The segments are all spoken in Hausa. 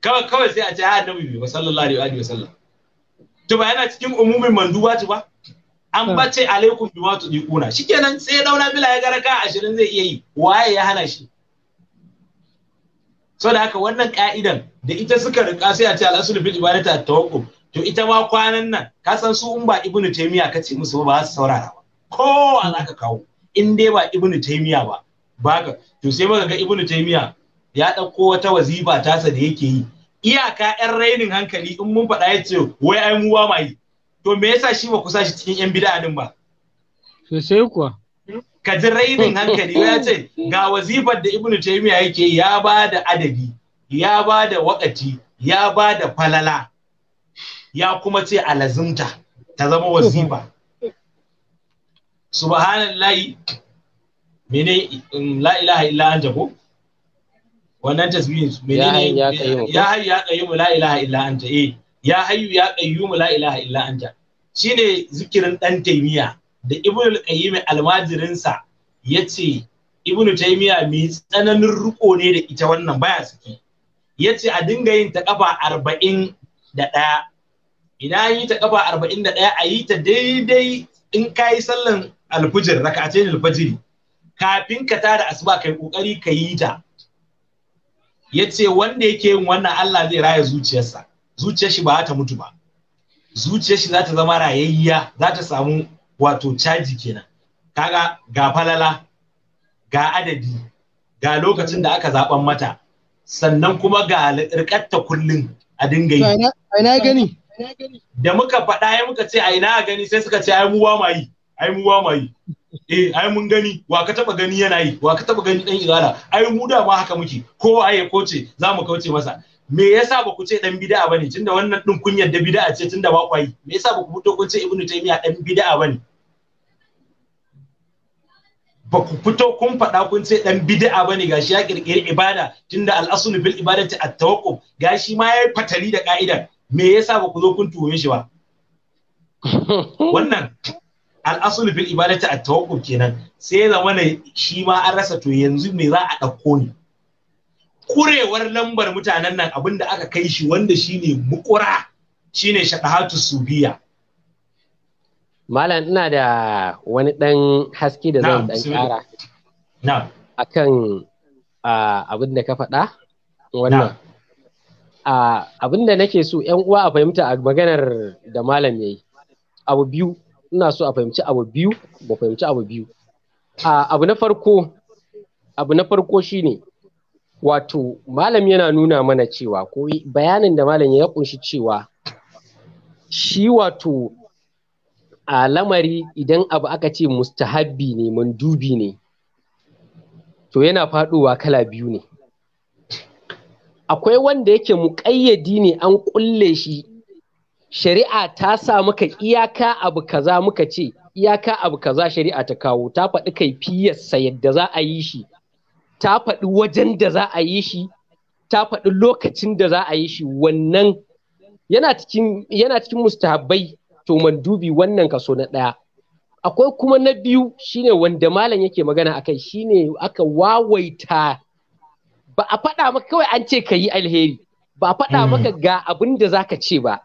kawai kawai sai a ce ha annabi bai sallallahu alaihi wa sallam to ba yana cikin umumin manduba ba an hmm. bace alaikum di kuna shikenan sai dauna bila ya garaka ashirin zai iya yi waye ya hana shi so da haka wannan ka'idan da ita suka rika sai a ce al'asul bil ibadata tawakkul to ita ma kwanan nan ka san su in ba ibnu taymiya ka ce musu ba su saurara ba Ko za ka kawo in dai ba ibnu taymiya ba baka to sai muka ga ibnu taymiya ya ɗauko wata wazifa tasa da yake yi iyaka yan rainin hankali in mun faɗa ya ce wai ai mu ba mai. to me yasa shi ba ku sa shi cikin yan bid'a din ba sosai kuwa ka ji rainin hankali ya ce ga wazifar da ibnu taymiya yake ya ba da adabi ya ba da wakati ya ba da falala ya kuma ce alazimta ta zama wazifa subhanallahi mene la ilaha illa anta wannan tasbihin menene ya hayu ya qayyum la ilaha illa anta eh ya hayu ya qayyum la ilaha illa anta shine zikirin dan taymiya da ibnu al-qayyim almajirinsa yace ibnu taymiya mai tsananin riko ne da ita wannan baya suke yace a dinga yin ta kafa 40 da daya ina yi ta kafa 41 da a yi ta daidai in kai sallan alfujir raka'atayn alfajiri kafin ka tada asuba kai kokari ka yi ta ya ce wanda yake yin wannan Allah zai raya zuciyarsa zuciyar shi ba ta mutu ba zuciyar shi za ta zama rayayya za ta samu wato caji kenan kaga ga falala ga adadi ga lokacin da aka zaben mata sannan kuma ga rikatta kullun a dinga yi gani da muka faɗa ya muka ce a ina gani sai suka ce ai muwa mai ai muwa mai eh ai mun gani wa ka taba gani yana yi wa ka taba gani dan igala? ai mu da ma haka muke kowa ya koce za mu kauce masa me yasa ba ku ce dan bid'a bane tunda wannan din kun yarda bid'a ce tunda ba ku yi me yasa ba ku fito kun ce ibnu taymiya dan bid'a bane ba ku fito kun faɗa kun ce dan bid'a bane gashi ya kirkiri ibada tunda al-aslu bil ibadati at-tawaqquf gashi ma yayi fatali da ka'idar me yasa ba ku zo kun tuhume shi ba wannan al'asulu fil ibadati at tawakkuf kenan sai ya zama shi ma an rasa to yanzu me za a ɗauko ni kurewar lambar mutanen nan abin da aka kai shi wanda shine mukura shine shadahatu subiya malam ina da wani ɗan haske da zan ɗan ƙara akan abin da ka faɗa wannan abin da nake so 'yan uwa a fahimta a maganar da malam ya yi abu biyu ina so a fahimci abu biyu ba fahimci abu biyu a abu na farko abu na farko shine wato malam yana nuna mana cewa ko bayanin da malam ya kunshi cewa shi wato a lamari idan abu aka ce mustahabbi ne mandubi ne to yana faɗowa kala biyu ne akwai wanda yake muƙayyadi ne an kulle shi shari'a ta sa muka iyaka abu kaza muka ce iyaka abu kaza shari'a ta kawo ta faɗi kaifiyarsa yadda za a yi shi ta faɗi wajen da za a yi shi ta faɗi lokacin da za a yi shi wannan yana cikin yana cikin mustahabbai to mandubi wannan kaso na ɗaya akwai kuma na biyu shine wanda malam yake magana akai shine aka wawaita ba a faɗa maka kawai an ce ka yi alheri ba a faɗa hmm. maka ga abin da za ce ba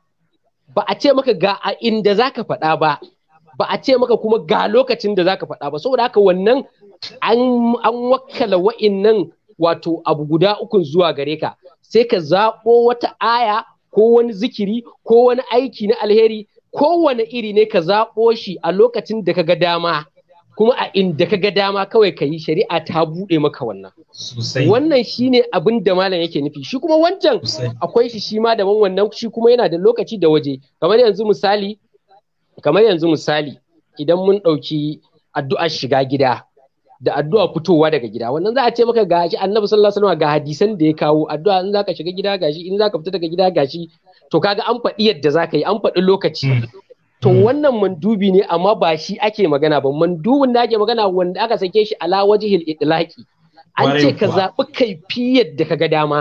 ba a ce maka ga a inda zaka faɗa ba ba a ce maka kuma ga lokacin da zaka faɗa ba saboda haka wannan an wakkala wa'innan wato abu guda ukun zuwa gare ka sai ka zaɓo wata aya ko wani zikiri ko wani aiki na alheri kowane iri ne ka zaɓo shi a lokacin da ka ga dama kuma a inda ka ga dama kawai ka yi shari'a ta buɗe maka wannan wannan shine abin da malam yake nufi shi kuma wancan akwai shi shi ma daban wannan shi kuma yana da lokaci da waje kamar yanzu misali kamar yanzu misali idan mun ɗauki addu'a shiga gida da addu'a fitowa daga gida wannan za a ce maka gashi annabi sallallahu alaihi wasallam ga hadisan da ya kawo addu'a in zaka shiga gida gashi in zaka fita daga gida gashi to kaga an faɗi yadda zaka yi an faɗi lokaci hmm. to hmm. wannan mandubi ne amma ba shi ake magana ba mandubin da ake magana wanda aka sake shi ala wajihil itlaqi an ce ka zaɓi kaifiyar da ka ga dama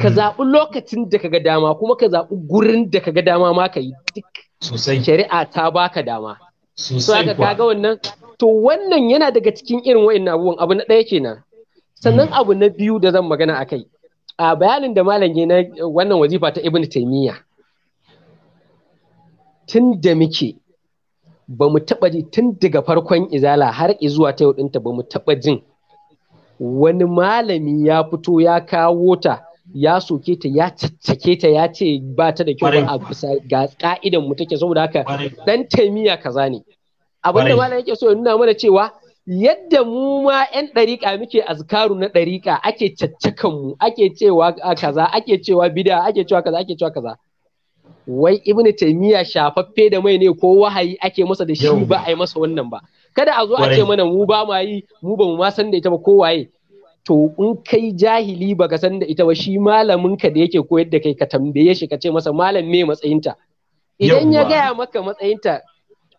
ka hmm. zaɓi lokacin da ka ga dama kuma ka zaɓi gurin da ka ga dama ma ka yi duk shari'a ta baka dama sosai ka kaga wannan to wannan yana daga cikin irin wa'annan abubuwan abu na ɗaya kenan sannan hmm. abu na biyu da zan magana akai a bayanin da malam na wannan wazifa ta Ibn Taimiyya. tun da muke ba mu taɓa ji tun daga farkon izala har izuwa ta yau ɗinta ba mu taɓa jin wani malami ya fito ya kawo ta ya soke ta ya caccake ta ya ce ba ta da kyau a bisa ga ka'idan mu take saboda haka dan taimiya kaza ne abin da malam yake so ya nuna mana cewa yadda mu ma yan dariƙa muke azkaru na dariƙa ake caccakan mu ake cewa kaza ake cewa bida ake cewa kaza ake cewa kaza wai ibn taymiya shafaffe da mai ne ko wahayi ake masa da shi ba a masa wannan ba kada a zo a ce mana mu ba ma yi mu ba mu ma san da ita ba ko waye to in kai jahili baka san da ita ba shi malamin ka da yake koyar da kai ka tambaye shi ka ce masa malam me matsayinta idan ya gaya maka matsayinta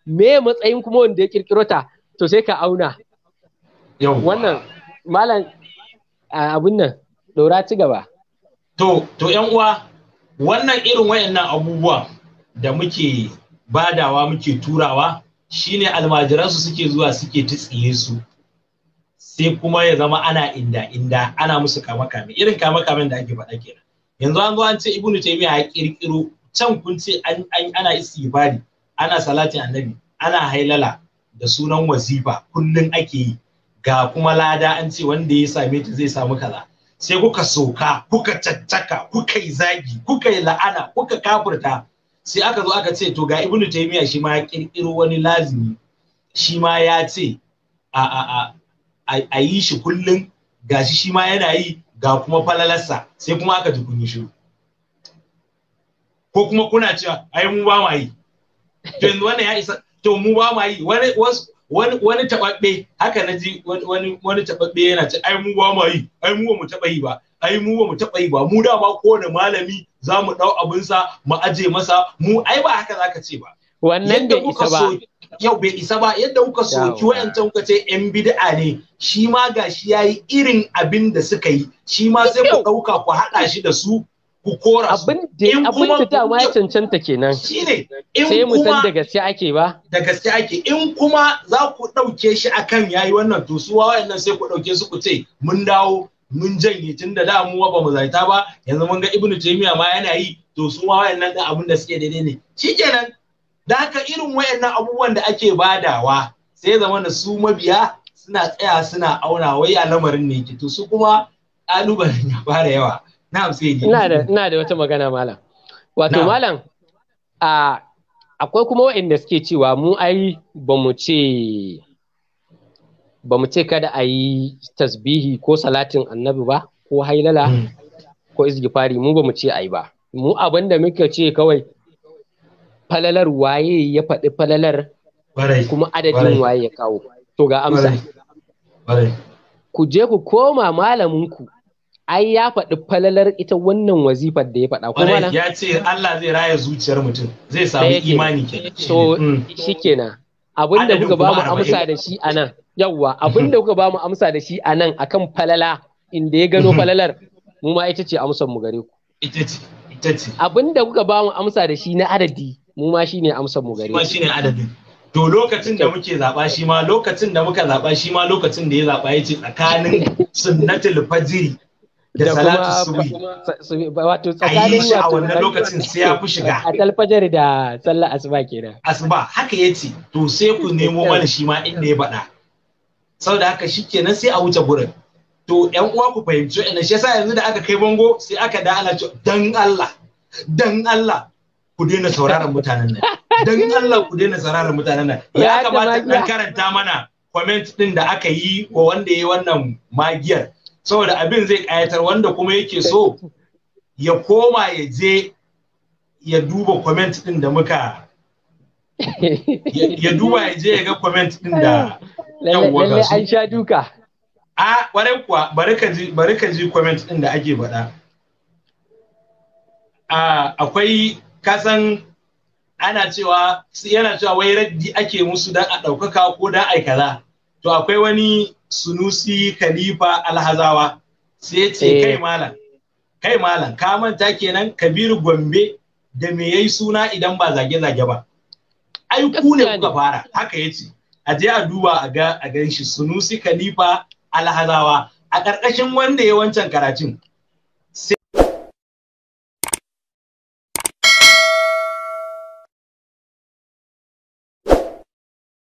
me matsayin kuma wanda ya kirkiro ta to sai ka auna wannan malam abun nan daura ci gaba to to yan uwa wannan irin wayannan abubuwa da muke badawa muke turawa shine almajiransu suke zuwa suke tsiye su sai kuma ya zama ana inda inda ana musu kama kame irin kama kamen da ake faɗa kenan yanzu an zo an ce ibnu taymiya ya kirkiro can kun ce an ana istibari ana salatin annabi ana hailala da sunan wazifa kullun ake yi ga kuma lada an ce wanda ya same ta zai samu kaza sai kuka soka, kuka caccaka kuka yi zagi kuka yi la'ana kuka kafurta sai aka zo aka ce to ga ibnu taymiya shi ma ya kirkiro wani lazimi shi ma ya ce a a a a yi shi kullun gashi shi ma yana yi ga kuma falalarsa sai kuma aka ji kunyi shiru ko kuma kuna cewa ai mu ba ma yi to yanzu wannan ya isa to mu ba ma yi wani wasu wani wani haka na wani wani tababbe yana ce ai mu ba ma yi ai mu ba mu taba yi ba ai mu ba mu taba yi ba mu da ba kowane malami za mu dau abin sa mu aje masa mu ai ba haka zaka ce ba wannan bai isa ba yau bai isa ba yadda kuka soki wayancan kuka ce yan bid'a ne shi ma gashi yayi irin abin da suka yi shi ma sai ku dauka ku hada shi da su ku kora su abin da abin da dama ya cancanta kenan shine sai mu san da gaske ake ba da gaske ake in kuma za ku dauke shi akan yayi wannan to su nan sai ku dauke su ku ce mun dawo mun janye tun da damuwa ba mu zaita ba yanzu mun ga ibnu Jami'a ma yana yi to su ma wayannan da abin da suke daidai ne shikenan da haka irin wayannan abubuwan da ake badawa sai zama da su mabiya suna tsaya suna auna wai a lamarin ne ki to su kuma ƙalubalen ya fara yawa Na Ina da wata magana malam. Wato malam akwai kuma waɗanda suke cewa mu ai ba mu ce kada a yi tasbihi ko salatin annabi ba ko hailala hmm. ko izgifari mu ba mu ce ai ba mu abin da muka ce kawai falalar waye ya faɗi falalar kuma adadin waye ya kawo to ga amsa ku je ku koma malaminku ai ya faɗi falalar ita wannan wazifar da ya faɗa kuma ya ce Allah zai raya zuciyar mutum zai samu imani kenan so mm. shikenan abin Abinda kuka ba mu amsa da shi a nan yawwa abinda kuka ba mu amsa da shi a nan akan falala inda ya gano falalar mu ma ita ce amsar mu gare ku ita ce ce abinda kuka ba mu amsa da shi na adadi mu ma shine amsar mu gare ku shine adadin to lokacin da muke zaba shi ma lokacin da muka zaba shi ma lokacin da ya zaba yace tsakanin sunnatul fajiri da kuma subi wato tsakanin shi a wannan lokacin sai ya fi shiga a talfajar da sallar asuba kenan asuba haka ya ce to sai ku nemo mana shi ma inda ya bada saboda haka shi shikenan sai a wuce gurin to yan uwa ku fahimci ina shi yasa yanzu da aka kai bango sai aka da ana cewa dan Allah dan Allah ku daina sauraron mutanen nan dan Allah ku daina sauraron mutanen nan ya kamata dan karanta mana comment din da aka yi wa wanda ya yi wannan magiyar saboda abin zai ƙayatar wanda kuma yake so ya koma ya je ya duba comment ɗin da muka ya duba ya je ya ga comment ɗin da yan uwa an sha duka a ƙwarai kuwa bari ka ji comment ɗin da ake a akwai kasan ana cewa yana cewa wai raddi ake musu dan a ɗaukaka ko dan aikala to akwai wani sunusi khalifa alhazawa sai ce eh. kai malam kai malam ka manta kenan kabiru gombe da me yayi suna idan ba zage-zage ba ai ku ne kuka fara haka yace a je a duba a ga a gan shi sunusi khalifa alhazawa a ƙarƙashin wanda ya wancan karatun